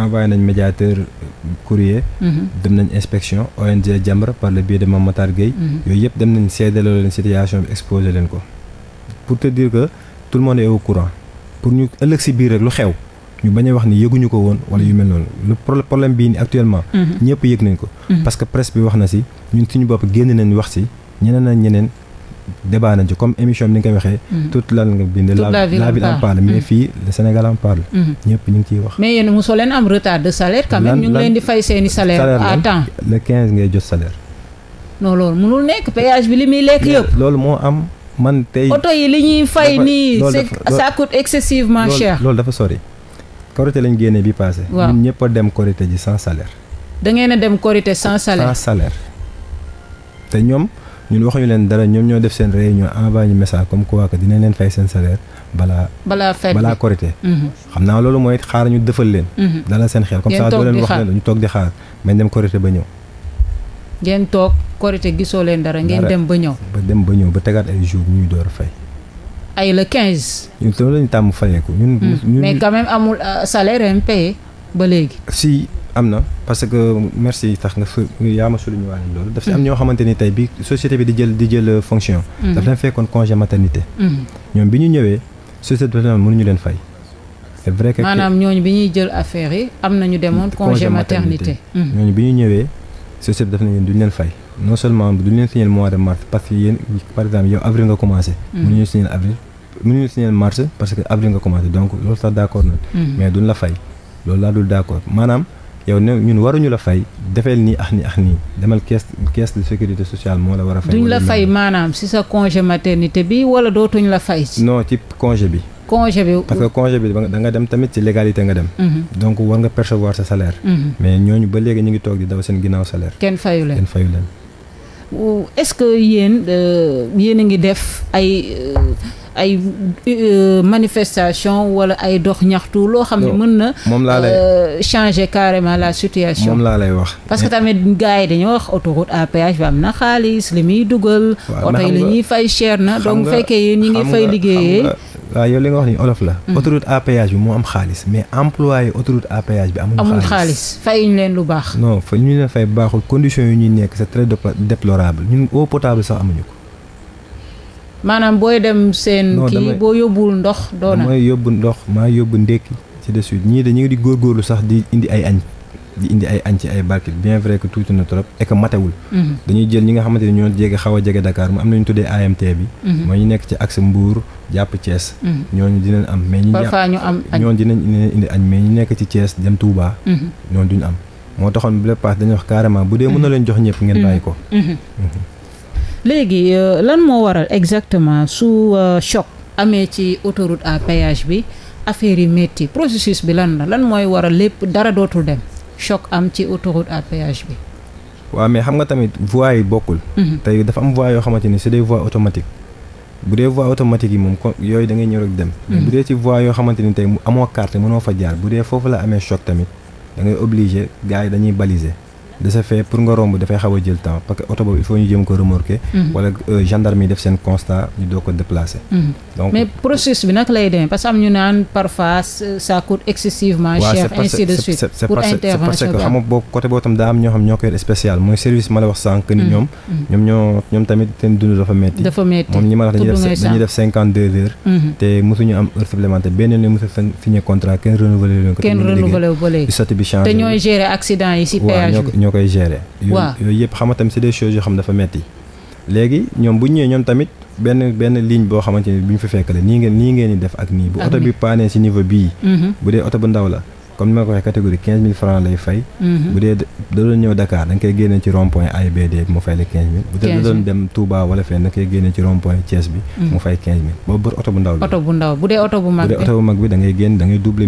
envoyé nañ médiateur euh, courrier mhm. dem nañ inspection ONG Jamra par le biais de Mame Matar Gueye mhm. yooyu yëpp dem nañ seedaloo leen situation bi exposé leen ko pour te dire que tout le au courant pour ñu ëllëg si biir rek lu xew ñu bañ a wax ni yëguñu ko woon wala yu mel noonu le problème bii ni actuellement mhm. ñëpp yëg nañ ko parce que bi wax na si ñun bopp génn nañ wax si ñeneen ak ñeneen débat ji comme émission bi ni nga koy waxee. Mm-hmm. toute la nga bind. la ville en parle mais mm-hmm. fii le Sénégal en parle. Mm-hmm. ñëpp ñu ngi ciy wax. mais yéen mosoo leen am retard de salaire. quand même ñu ngi leen di fay seeni salaire. à temps le 15 ngay jot salaire. non loolu mënul nekk péage bi li muy lekk yëpp. loolu moo am man tey. oto yi li ñuy fay ni ça coûte excessivement cher. loolu dafa sori. korité lañ génnee bi passé. waaw ñun ñëpp a dem korité ji sans salaire. da ngeen dem korité sans salaire sans salaire ñun waxuñu leen dara ñoom ñoo def seen réunion envoyé ñu message comme quoi que dinañ leen fay seen salaire balaa. balaa fête balaa korité. Mhm. xam naa loolu mooy xaar ñu defal leen. Mhm. dalal seen xel comme ça doo leen wax leen ñu toog di xaar mais dem korité ba ñëw. ngeen toog korité gisoo leen dara. ngeen dem ba ñëw ba dem ba ñëw ba tegaat ay jours ñuy door a fay. ay la quinze. ñun la ñu tàmm fayeeku ñun. Hmm. mais quand même amul euh, salaire payé ba léegi. si. am na parce que merci tax nga su yaa ma suluñu waale loolu daf si am mm. ñoo xamante ni tey bi société bi di jël di jël euh, fonction mm. daf leen fekkoon congé maternité mm. ñoom bi ñu ñëwee société bi daf leen mënuñu leen bi ñuy jël affaire yi am nañu ñu leen fay non seulement duñu leen signer de parce que par exemple yow avril nga commencé mënuñu signer avril mënuñu signer mars parce que avril nga commencé donc loolu sax d'accord na mais duñ la fay loolu laa dul d'accord maanaam yow ne ñun waruñu la fay defeel nii ax ni ax nii demal caisse caisse de sécurité sociale moo la war a fay duñ la fay maanaam si sa congé maternité bi wala dootuñ la fay non ci congé bi congé bi parce que congé bi da nga dem tamit ci légalité nga dem mhm. donc war nga percevoir sa salaire mhm. mais ñooñu ba léegi ñu ngi toog di daw seen ginnaaw salaire kenn fayu leen kenn fayu leen est euh, a ngi def ay euh, ay euh, manifestation wala ay dox ñaxtu loo xam ne mën na moom laa lay euh, changer carrément la situation moom laa lay wax parce que tamit gars yi dañoo wax autoroute à péage bi am na xaalis li muy dugal oto li ñuy fay cher na donc fekkee yéen ñi ngi fay liggéeyee waaw yow li nga wax ni olof la mm. autoroute à péage bi moo am xaalis mais emploi autoroute à péage bi amul xaalis fay ñu leen lu baax non fa ñu leen fay baaxul condition yi ñuy nekk c'est très déplorable ñun eau potable sax amuñu ko maanaam booy dem seen kii boo yóbbuwul ndox doona mooy yóbbu ndox maa yóbbu ndékki ci de suite ñii dañu di góorgóorlu sax di indi ay añ di indi ay añ ci ay barke bien vrai que tuuti na trop et que matewul mhm. dañuy jël ñi nga xamante ne ñoo jege xaw a jege Dakar mu am nañu tuddee AMT bi mhm. mooy ñu nekk ci axe Mbour jàpp cees mhm. ñooñu dinañ am mais ñu am añ ñooñu dinañ indi nekk ci Thiès dem Touba ñooñu duñ am moo taxoon bu pass dañu wax carrément bu dee mën na leen jox ñëpp ngeen bàyyi ko léegi euh, lan moo waral exactement su euh, choc amee ci autoroute à péage bi affaire yi métti processus bi lan la lan mooy waral lépp dara dootul dem choc am ci autoroute à bi. waaw mais xam nga tamit voies yi bokkul. Mhm. tey dafa am voies yoo xamante ni c'est des voies automatiques bu dee voies automatiques yi moom yooyu da ngay ñëw dem. Mhm. bu dee ci voies yoo xamante ni tey amoo carte mënoo fa jaar bu dee foofu la amee choc tamit da ngay obligé gars yi dañuy baliser. de ce fait pour nga romb dafay xaw a jël temps parce que oto il faut ñu jëm ko remorquer. Mhm. wala euh, gendarme yi def seen constat ñu doo ko déplacer. Mhm. mais processus bi nag lay demee parce que am ñu naan parfois ça coûte excessivement cher ainsi de suite pour intervention bi parce que daa am ñoo xam ñoo koy yor spécial mooy service ma la wax sànq ni mhm. ñoom. ñoom ñoo tamit seen dund dafa metti. dafa metti moom ñi ma la wax def cinquante deux heures. te ñoo koy gérer. waaw yooyu yëpp xam nga tamit c'est des choses yoo xam dafa metti léegi ñoom bu ñu ñoom tamit benn benn ligne boo xamante ni bu ñu fa fekkale nii ngeen nii ngeen def ak nii. bu oto bi paanee ci niveau bii. Mhm. bu dee oto bu ndaw la. comme ni ko waxee catégorie quinze mille francs lay fay. Mhm. bu dee da doon ñëw Dakar da nga ci rond point bi mu fay la quinze mille. bu dee da doon dem Touba wala fenn da nga ci rond point bi. Mhm. mu fay quinze mille boobu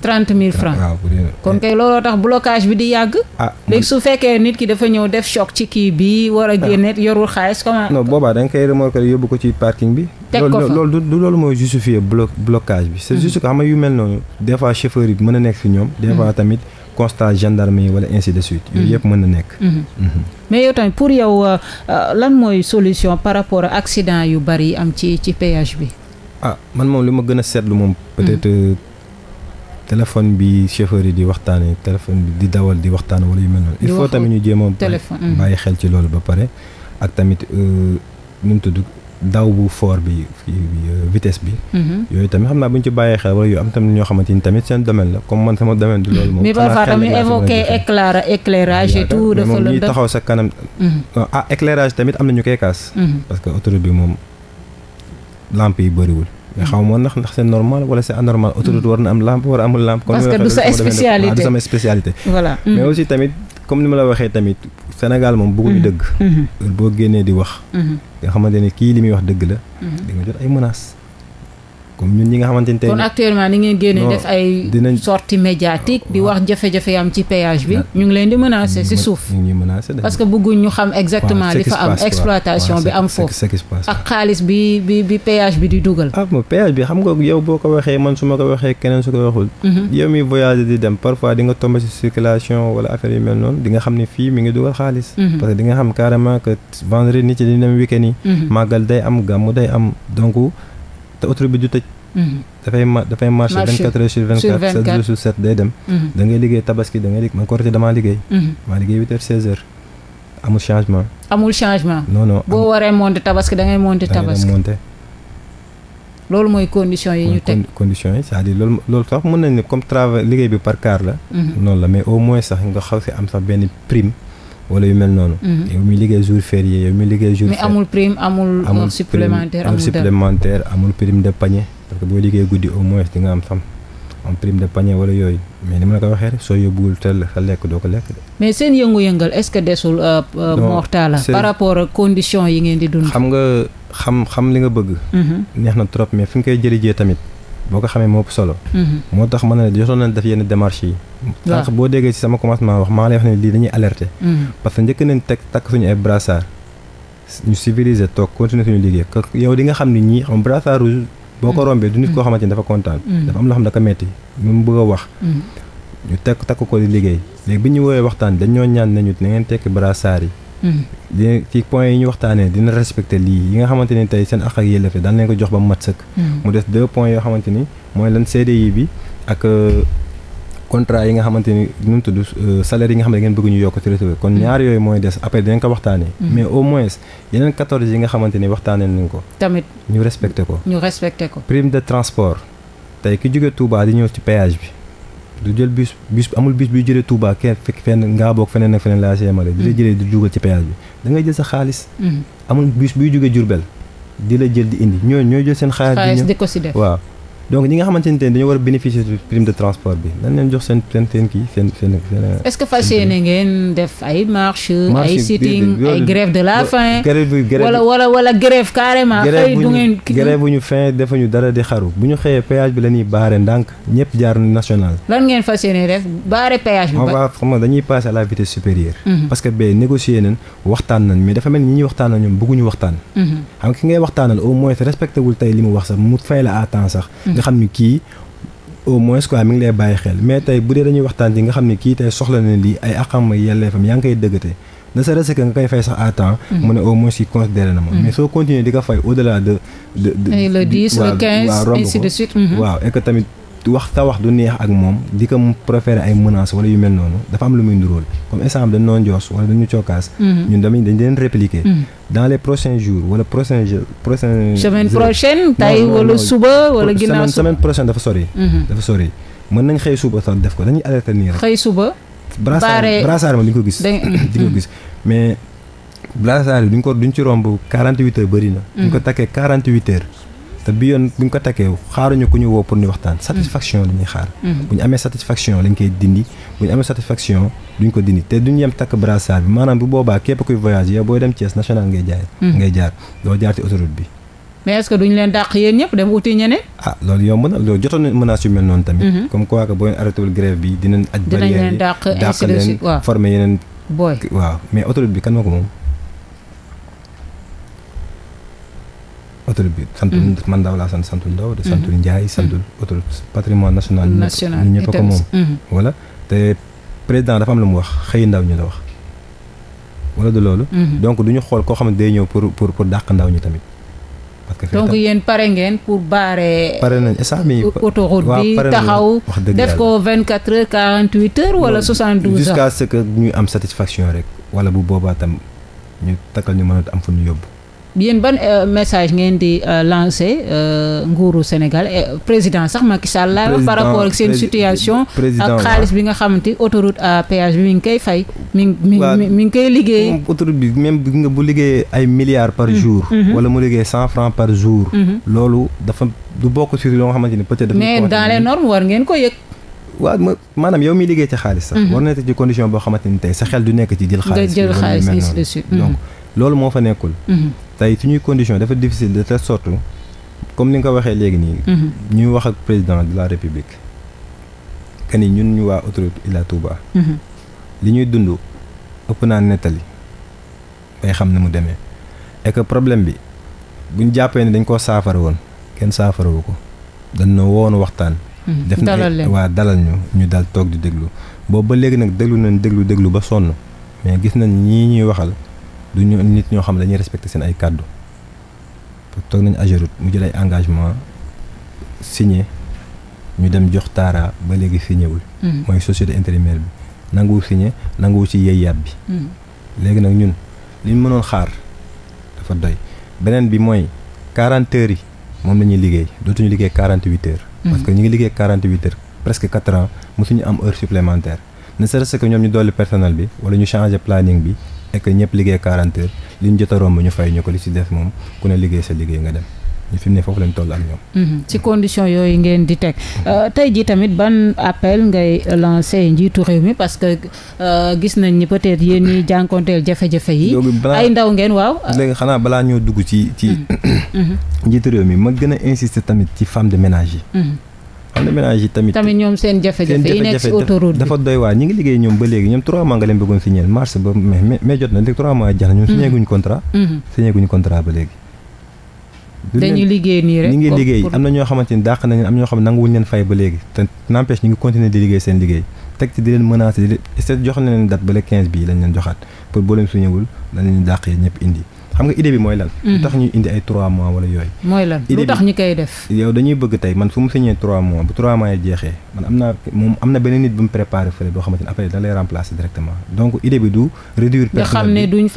trente mille ah, francs eh. kon kay looloo tax blocage bi di yàgg. ah léegi su fekkee nit ki dafa ñëw def choc ci kii bi war a ah. génne yorul xaalis comment. non boobaa da nga koy yóbbu ko ci parking bi. teg ko fa loolu du loolu mooy justifier blo blocage bi. c' est mm-hmm. juste que xam nga yu mel noonu des fois chauffeur yi mën a nekk fi ñoom. des fois mm-hmm. tamit constat gendarme yi wala ainsi de suite. yooyu mm-hmm. yëpp mën na nekk. mais yow tamit pour yow euh, euh, lan mooy solution par rapport ak yu bari am ci ci bi. ah man li ma gën a seetlu moom peut-être. téléphone bi chauffeur yi di waxtaanee téléphone bi di dawal di waxtaan wala yu mel noonu. il faut tamit ñu jéemoon mm. bàyyi xel ci loolu ba pare ak tamit euh, nu mu tudd daw bu foor bi euh, vitesse bi. Mm-hmm. yooyu tamit xam naa bu ñu ci bàyyee xel wala yu am tamit ñoo xamante ni tamit seen domaine la comme man sama domaine du loolu moom. mais parfois tamit évoqué taxaw sa kanam. Mm-hmm. ah tamit am na ñu koy kaas. Mm-hmm. parce que autoroute bi moom lampe yi bëriwul. mais xaw ma ndax ndax c' est normal wala c' est anormal mm. autorité war na am lampe war a amul lampe. parce que du sa spécialité mm. mais aussi tamit comme ni ma la waxee tamit Sénégal moom bëgguñu mm. dëgg. Mm-hmm. boo génnee di wax. Mm-hmm. nga xamante ne kii li muy wax dëgg la. Mm-hmm. di jot ay menaces. comme ñun ñi nga xamante ni tey kon actuellement ni ngeen génne def ay dinañ médiatique di wax jafe-jafe ci péage bi ñu ngi leen di menacer si suuf parce que bëgguñ xam exactement li fa am exploitation bi am foofu ak xaalis bi bi bi péage bi di dugal ah ma péage bi xam nga yow boo ko waxee man su ma ko waxee keneen su ko waxul mhm. yow mi voyage di dem parfois di nga tomber circulation wala affaire yu mel noonu di xam ne fii mi ngi dugal te autoroute bi du tëj. Mhm. dafay ma dafay marché 24 sur sur 7 day dem. Mhm. da ngay liggéey tabaski da ngay liggéey man Korité damaa liggéey. Mhm. maa liggéey 8 heures 16 heures amul changement. amul changement. non boo waree monter tabaski da ngay monter tabaski loolu mooy condition yi ñu teg condition yi c'est-à-dire loolu loolu sax mën nañ ne comme travail liggéey bi par car la. noonu la mais au moins sax nga xaw si am sax benn prime. wala yu mel noonu. Mhm. yow mi liggéey jour férié yow mi liggéey jour. mais amul prime amul. Euh, supplémentaire amul prime de panier. parce boo liggéey guddi au moins di nga am fam am prime de panier wala yooyu mais ni ma la ko waxee rek soo yóbbuwul tel sa lekk doo ko lekk de. mais seen yëngu-yëngal est-ce que desul. Euh, euh, mortala par rapport ak condition yi ngeen di dund. xam nga xam xam li nga bëgg. Mhm. neex na trop mais fi nga koy jërijee tamit. boo ko xamee moo solo. Mhm. moo tax mën na ne jotoon nañ def yenn démarches yi. waaw boo déggee ci sama commencement wax maa lay wax ne lii dañuy alerter. Mhm. parce que njëkk nañ teg takk suñu ay brassard ñu civiliser toog continuer suñu liggéey yow di nga xam ne ñi xam brassard rouge. boo ko mhm. rombee du nit koo xamante ni dafa kontaan. dafa am loo xam ne da ko metti mu bëgg a wax. ñu teg takk ko di liggéey léegi bi ñu woowee waxtaan dañoo ñaan nañu na ngeen tekki brassard yi. dina ci point yi ñu waxtaanee dina respecté lii yi nga xamante ni tey seen ak ak yelleef daan leen ko jox ba mu mat sëkk. Mm. mu des deux points yoo xamante ni mooy lan CDI bi ak euh, contrat yi nga xamante ni nu tudd euh, salaire yi nga xam ne ngeen bëgg ñu yokk ci retrouver kon mm. ñaar yooyu mooy des après dinañ ko waxtaanee. Mm. mais au moins yeneen quatorze yi nga xamante ni waxtaanee nañ ko. tamit ñu respecté ko. ñu respecté ko. prime de transport tey ki jóge Touba di ñëw ci péage bi. du jël bus bus amul bus buy jëlee Touba kee fekk fenn ngaa boog feneen ak feneen laa see yemale di di dugal ci péage bi da jël sa xaalis mm-hmm. amul bus buy jógee Jurbel di la jël di indi ñooñu ñooy jël seen xaalis di ko si def waaw donc ñi nga xamante ne dañoo war bénéficier prime de transport bi nañ leen jox seen seen seen kii seen seen seen. est-ce que fas ngeen def ay marche ay sitting ay grève de la faim. wala wala grève carrément. ngeen grève bu ñu fin defuñu dara di xaru bu ñu xëyee péage bi la ñuy baare ndànk ñëpp jaar national. lan ngeen fas def baare péage bi. on dañuy passer à la vitesse supérieure. Mhm. parce que bee négocier nañ waxtaan nañ mais dafa mel ni ñi waxtaan. Mhm. xam wax sax mu fay la à nga xam ni kii au moins quoi mi ngi lay bàyyi xel mais tey bu dee dañuy waxtaan ci nga xam ni kii tey soxla na lii ay axam yelleefam yaa ngi koy dëggate ne serait nga koy fay sax à mhm. mu ne au moins si na ma. Mhm. mais soo continuer di ko fay au delà de. de de le 10 le de suite mhm. waaw et tamit. wax ta wax du neex ak moom di ko préféré ay menaces wala yu mel noonu dafa am lu muy nduróol comme exemple dañ noon joos wala dañu cokkaas mhm. ñun tamit dañ leen répliquer mhm. dans les prochains jours wala prochain prochain semaine prochaine tey wala suba wala ginnaaw suba semaine prochaine dafa sori mhm. dafa sori mën nañ xëy suba sax def ko dañuy alerter nii rek xëy suba brassard brassard moom di nga ko gis mais brassard bi duñ ko duñ ci romb 48 heures bëri na duñ ko te bi yoon bu ñu ko takkee xaaruñu ku ñu woo pour ñu waxtaan mm. satisfaction la xaar mm. bu ñu amee satisfaction lañ koy dindi bu amee satisfaction duñ ko dindi te duñ yem takk brassard bi maanaam bu boobaa képp kuy voyage yow booy dem Thiès national ngay jaay mm. ngay jaar doo jaar ci autoroute bi mais est-ce leen dàq yéen ñëpp dem uti ñeneen ah loolu yomb na loolu jotoon na menace yu mel noonu tamit mm-hmm. comme quoi que leen arrêté wul bi dinañ leen former yeneen autoroute bi santul mm. man daaw laa sant santul ndaw de mm. santul Ndiaye mm. santul autoroute patrimoine national ñu ñëpp ko moom voilà te président dafa am lu mu wax xëy ndaw ñu la wax wala du loolu mm-hmm. donc du ñu xool koo xam ne day ñëw pour pour pour dàq ndaw ñu tamit parce que donc yéen pare ngeen pour baare. pare nañ instant bii autoroute bi taxaw def ko vingt quatre heures quarante huit heures wala soixante douze heures. jusqu'à ce que ñu am satisfaction rek wala bu boobaa tam ñu takkal ñu mën a am fu ñu yóbbu. yéen ban euh, message ngeen di euh, lancer euh, nguuru Sénégal président sax Macky Sall laa wax par rapport ak seen situation ak xaalis bi nga xamante autoroute à bi mi ngi koy fay mi ngi mi liggéey autoroute bi même bi nga bu liggéey ay milliards par mm-hmm. jour mm-hmm. wala mu liggéey cent francs par jour mm-hmm. loolu dafa du bokk sur loo nga xamante ni peut-être dafa mais dans les normes war ngeen ko yëg waaw ma maanaam yow miy liggéey ci xaalis sax war na nekk ci condition boo xamante ni tey donc loolu moo fa nekkul. Mhm. tey suñuy condition dafa difficile de telle sorte comme ni nga ko waxee léegi nii. Mhm. ñuy wax ak président de la république. que ni ñun ñu waa autoroute Ila Touba. Mhm. li ñuy dund ëpp naa nettali bay xam ne mu demee et que problème bi buñ jàppee ne dañ koo saafara woon kenn saafara wu ko dañ na waxtaan. def na waa dalal ñu ñu dal toog di déglu boobu ba léegi nag déglu nañ déglu déglu ba sonn mais gis nañ ñii ñuy waxal. du ñu nit ñoo xam ne dañuy respecté seen ay kàddu toog nañu Ageroute mu jël ay engagement siñe ñu dem jox taara ba léegi signéwul hmm. mooy société intérimaire bi nanguwu signé nanguwu ci yeeyaat bi hmm. léegi nag ñun li ñu mënoon xaar dafa doy beneen bi mooy quarante heures yi moom la ñuy liggéey dootuñu liggéey quarante huit heures hmm. parce que ñu ngi liggéey quarante huit heures presque quatre ans mosuñu am heure supplémentaire ne serait-ce que ñoom ñu dolli personnel bi wala ñu changer planning bi et que ñëpp liggéey 40 heures li ñu jot a romb ñu fay ñu ko li ci def moom ku ne liggéey sa liggéey nga dem ñu fi mu ne foofu lañ toll ak ñoom. Mhm. ci condition yooyu ngeen di teg mhm. euh, tey jii tamit ban appel ngay lancé njiitu réew mi parce que euh, gis nañ ni peut-être yéen jafe-jafe yi. ay ndaw ngeen waaw. léegi xanaa balaa ñoo dugg ci ci. Mhm. njiitu réew mi ma gën a insister tamit ci femme de ménage yi. am na ménage yi tamit tamit ñoom seen jafe-jafe yi nekk si autoroute dafa doy waar ñi ngi liggéey ñoom ba léegi ñoom trois nga leen bëggoon signé mars ba mai mai jot na mm-hmm. mm-hmm. liggéey nii na ñoo xamante ni dàq nañ leen am ñoo xam ne leen fay ba léegi te n'empêche ñi ngi continuer di liggéey seen liggéey teg ci di leen menacer di jox na leen date ba le 15 leen joxaat pour boo leen suñëwul dàq yi ñëpp indi xam nga idée bi mooy lan. Mm-hmm. lu tax ñu indi ay 3 mois wala yooyu. mooy lan lu tax ñu koy def. yow dañuy bëgg tey man su ma sañee 3 mois bu 3 mois yi jeexee man am naa moom am na beneen nit bu mu préparé fële boo xam ne duñ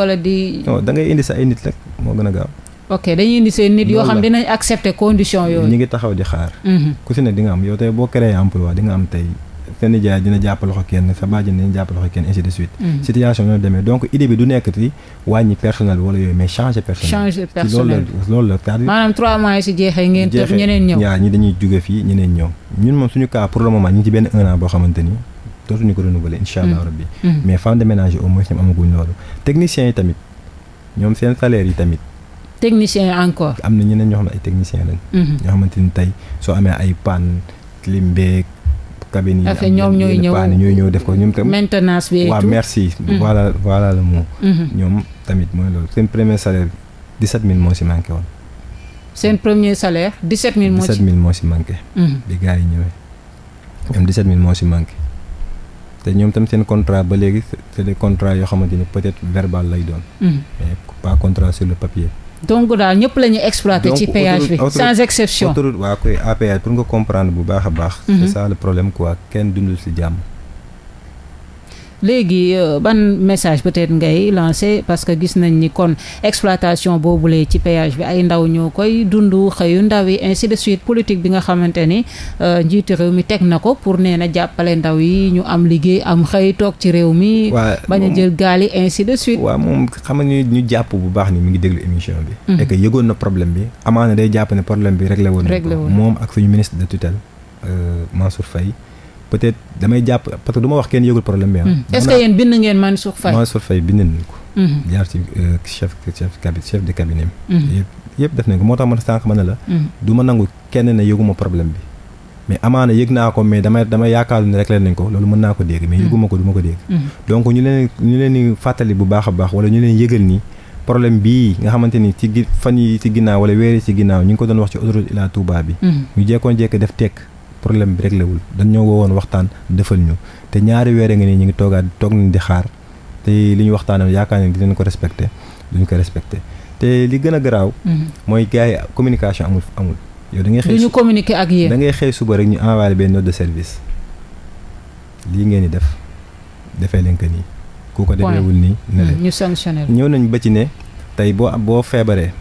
wala di. non da ngay indi sa ay nit rek moo gën a gaaw. ok dañuy indi seen nit yoo xam dinañ accepter condition yooyu. ñi ngi taxaw di xaar. Mm-hmm. ku si ne di am yow tey boo créé emploi di nga am tey sa nijaay dina jàpp loxo kenn sa bàjjen dina jàpp loxo kenn ainsi de suite mm. situation noonu demee donc idée bi du nekk ci wàññi personnel wala yooyu mais changer personnel changer personnel loolu la maanaam trois mois yi jeexee ngeen tëb ñeneen ñëw waaw ñi dañuy jóge fii ñeneen ñëw ñun moom suñu cas pour ñu ci benn un boo xamante ni dootuñu ko renouveler incha allah mm. rabbi mm. mais femme de ménage au moins ñoom amaguñ loolu techniciens yi cabine yi. am ñoom ñooy ñëw ñooy ñëw def ko ñoom tam. maintenance bi waaw merci. Mm-hmm. voilà voilà le mot. Mm-hmm. ñoom tamit mooy loolu seen premier salaire 17000 moo si manqué woon. seen premier salaire 17000. moo ci 17000 moo si manqué. Mm-hmm. bi gars yi ñëwee ñoom 17000 moo si manqué. te ñoom tam seen contrat ba léegi c'est des contrats yoo xamante ni peut-être verbal lay doon. pas contrat sur le papier. donc daal ñëpp la ñuy exploité ci péage bi sans exception waa koy à péage nga comprendre bu baax a baax mhm. c'est ça le problème quoi kenn dundul si jàmm léegi euh, ban message peut-être ngay lancé parce que gis nañ ni kon exploitation boobu boobule ci péage bi ay ndaw ñoo koy dund xëyu ndaw yi ainsi de suite politique bi nga xamante ni euh, njiitu réew mi teg na ko pour nee na jàppale ndaw yi ñu am liggéey am xëy toog ci réew mi. bañ a jël gaal yi ainsi de suite. waaw moom xam nga ñu jàpp bu baax ni mu ngi déglu émission bi. Mhm. et que na problème bi amaana day jàpp ne problème bi réglé woon. réglé woon moom ak suñu ministre de tutelle euh, Mansour Faye. peut-être damay jàpp parce que du ma wax kenn yëgul problème bi ah. Hmm. est-ce bind ngeen Mansour Faye. Mansour Faye bind nañu ko. Hmm. jaar ci euh, chef chef cabinet chef de cabinet hmm. def nañ ko moo tax man sànq ma ne la. du nangu kenn ne yëguma problème bi. mais amaana yëg naa ko mais damay yaakaaru ne rek leen nañ ko loolu mën naa ko dégg mais yëguma ko du ko dégg. donc ñu leen ñu leen fàttali bu baax a baax wala ñu leen yëgal nii. problème bii nga xamante ni ci fan problème bi réglé wul dañ ñoo woowoon waxtaan defal ñu te ñaari weer a nga nii ñu ngi toogaat toog nañ di xaar te li ñu waxtaanam yaakaar nañ dinañ ko respecté duñ ko respecté te li gën a garaaw. Mhm. mooy gars communication amul amul. yow dangay ngay xëy du ñu communiquer ak yéen da ngay xëy suba rek ñu envoyé benn note de service lii ngeen di def defee leen ko nii. ku ko defeewul nii. ne mhm. ñu sanctionné ñëw nañ ba ci ne tey boo boo feebaree.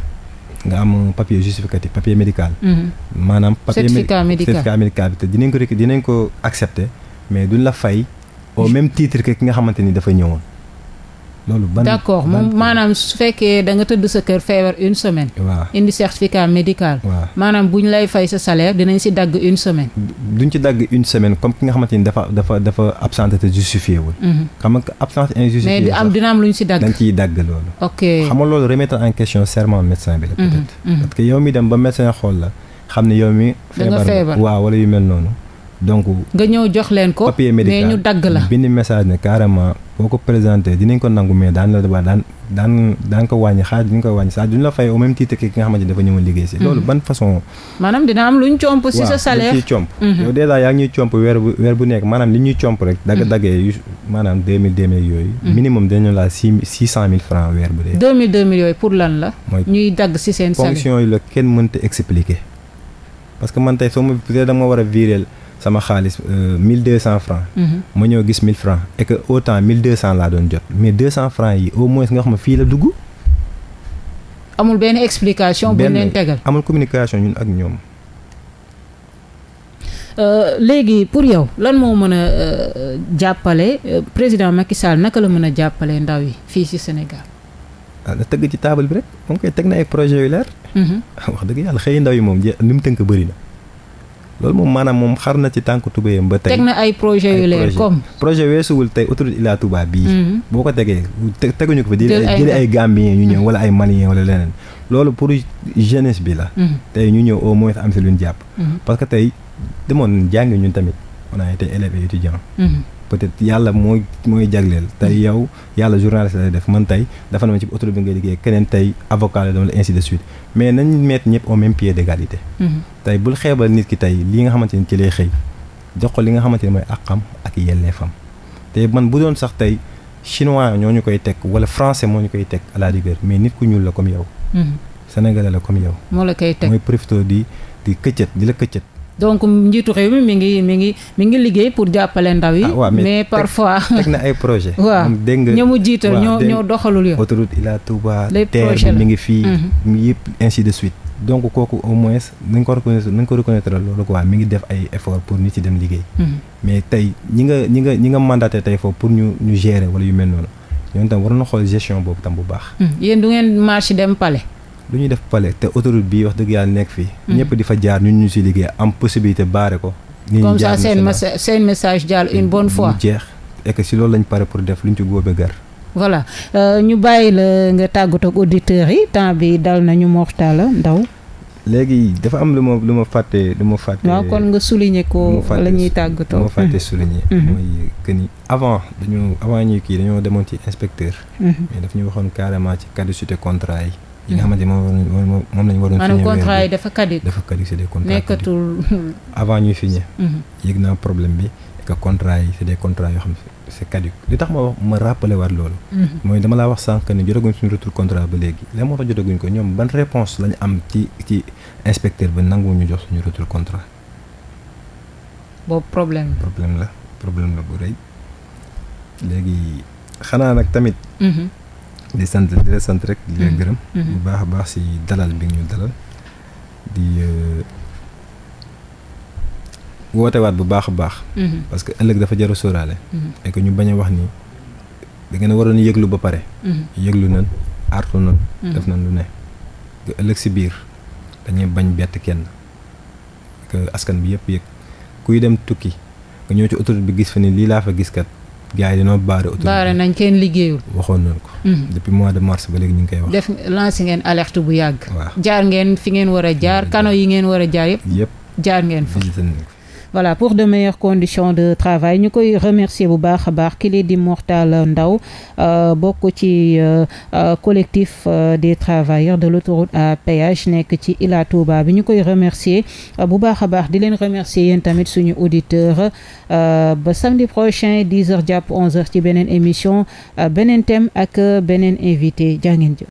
nga am papier justificatif papier médical. Mhm. maanaam papier certificat médical dinañ ko dinañ ko accepter mais duñ la fay au mhm. même titre ki nga xamante ni dafa ñëwoon. loolu ban d'accord moom maanaam su fekkee da nga tëdd sa kër feebar une semaine. waaw indi certificat médical. waaw maanaam bu ñu lay fay sa salaire dinañ si dagg une semaine. duñ ci dagg une semaine comme ki nga xamante ni dafa dafa dafa absente te justifié wul. Mhm. xam nga absence injustifiée. mais di am dina am lu ñu si dagg. dañ ciy dagg loolu. ok xam nga loolu remettre en question serment médecin bi la. Mhm, peut mhm. yow mi dem ba médecin xool la xam ne yow mi. feebar donc. nga ñëw jox leen ko papier médical mais ñu dagg la. bind message ne carrément boo ko présenté dinañ ko nangu mais daan la waa daan daan daan ko wàññi xaaj duñ ko wàññi saa duñ la fay au même titre que ki nga xamante ne dafa ñëwoon liggéey si. Mhm. loolu ban façon. maanaam dina am luñ comp si sa salaire waaw luñ ciy mhm. yaa ñuy comp weer bu nekk maanaam li ñuy comp rek. dagg mhm. daggee maanaam deux mille deux mille yooyu. minimum dañu laa six six cent mille franc weer bu dee. pour lan man tey soo sama xaalis euh, mille deux cent francs mhm. ma ñëw gis mille francs et que autant mille deux cent laa doon jot mais deux cent francs yi au moins nga xam ne fii la dugg amul benn explication bu leen tegal amul communication ñun ak ñoom euh, léegi pour yow lan moo mën a euh, jàppale président Macky Sall naka la mën a jàppale ndaw yi fii ci Sénégal ah na tëgg ci table bi rek moom koy teg na ay projet yu leer mhm. wax dëgg yàlla xëy ndaw yi moom li mu tënk bëri na loolu moom maanaam moom xar na ci tànk tubéyam ba tey. teg na ay projet yu leer comme. projet weesuwul tey autoroute Ila Touba bii. Mm-hmm. boo ko tegee teguñu ko fa. jël ay jël ay Gambien ñu ñëw mm-hmm. wala ay Malien wala leneen. loolu pour jeunesse bi la. Mm-hmm. tey ñu ñëw au moins am si luñ jàpp. parce que tey demoon jàngi ñun tamit on a été élèves et peut-être yàlla mooy mooy jagleel tey mm. yow yàlla journaliste lay def man tey dafa na ma ci autoroute bi ngay liggéey keneen tey avocat la dama la ainsi de suite mais nañ mettre ñëpp au même pied d'égalité mm-hmm. tey bul xeebal nit ki tey li nga xamante ni ci lay xëy jox li nga xamante ni mooy àqam ak yelleefam te man bu doon sax tey chinois ñoo ñu koy teg wala français moo ñu koy teg à la mais nit ku ñuul la comme yow mm-hmm. sénégalais la comme yow moo la donc njiitu réew mi mi ngi mi ngi mi ngi liggéey pour jàppale ndaw yi. Ah, mais parfois. teg na ay projet waaw dégg nga ñoomu jiital ñoo ñoo doxalul yow. autoroute Ila Touba. les projets mi ngi fii. Mhm. yëpp ainsi de suite. donc kooku au moins nañ ko reconnaître nañ ko reconnaître loolu quoi mi ngi def ay effort pour nit ci dem liggéey. Mhm. mais tey ñi nga ñi nga ñi nga mandaté tey foofu pour ñu ñu gérer yu mel noonu ñoom tam war na xool gestion boobu tam bu baax. Mhm. yéen du ngeen marche dem palais. lu ñuy def palais te autoroute bi wax dëgg yàlla nekk fii. Hmm. ñëpp di fa jaar ñun ñu si liggéey am possibilité baare ko. ñu comme ça seen message jàll une hmm. bonne fois. jeex et que si loolu lañ pare pour def luñ ci góobee gar. voilà euh, ñu bàyyi la nga tàggatoo ak auditeurs yi temps bi dal nañu Mortalla Ndao léegi dafa am lu ma lu ma fàtte lu ma fàtte. waaw kon nga souligner ko la ñuy tàggatoo lu ma fàtte hmm. souligner. mooy avant dañu avant ñuy kii dañoo demoon ci inspecteur. ñu waxoon carrément ci caducité contrat yi. yi nga xamante moom moom moom la ñu waroon. maanaam contrat yi dafa caduc. dafa caduc c' est des contrats nekkatul. avant ñuy signé. Mhm. yëg naa problème bi que contrat yi c' est des contrats yoo xam ne c' est caduc li tax ma wax ma rappelé waat loolu. Mhm. mooy dama laa wax sànq ne jotaguñ suñu retour contrat ba léegi lan moo tax jotaguñ ko ñoom ban réponse lañu am ci ci inspecteur ba nangu ñu jox suñu retour contrat. boobu problème la problème la problème la bu rëy léegi xanaa nag tamit. Mhm. di sant di la sant rek di la mm-hmm. gërëm. Mm-hmm. bu baax a baax si dalal bi ñu dalal di euh, wootewaat bu baax a baax. Mm-hmm. parce que ëllëg dafa jar a sóoraale. et ñu bañ a wax ni da ngeen waroon yëglu ba pare. yëglu nan aartu nan. def nan lu ne que ëllëg si biir dañuy bañ bett kenn askan bi yëpp yëg kuy dem tukki nga ñëw ci autoroute bi gis fa ni lii laa fa gis gars yi dañoo baare autorité nañ kenn liggéeyul. waxoon mhm. mois de mars ba léegi ñu ngi koy wax. def lancé ngeen alerte bu yàgg. jaar ngeen fi ngeen war a jaar kano yi ngeen war a jaar yëpp. yëpp jaar ngeen fa. voilà pour de meilleures conditions de travail ñu koy remercier bu baax a baax kii di Mortal Ndaw euh, bokk ci euh, euh, collectif des travailleurs de l'autoroute à péage nekk ci Ila Touba bi ñu koy remercier bu baax a baax di leen remercier yéen tamit suñu auditeur ba samedi prochain 10 heures jàpp 11 ci beneen émission beneen thème ak beneen invité jaa ngeen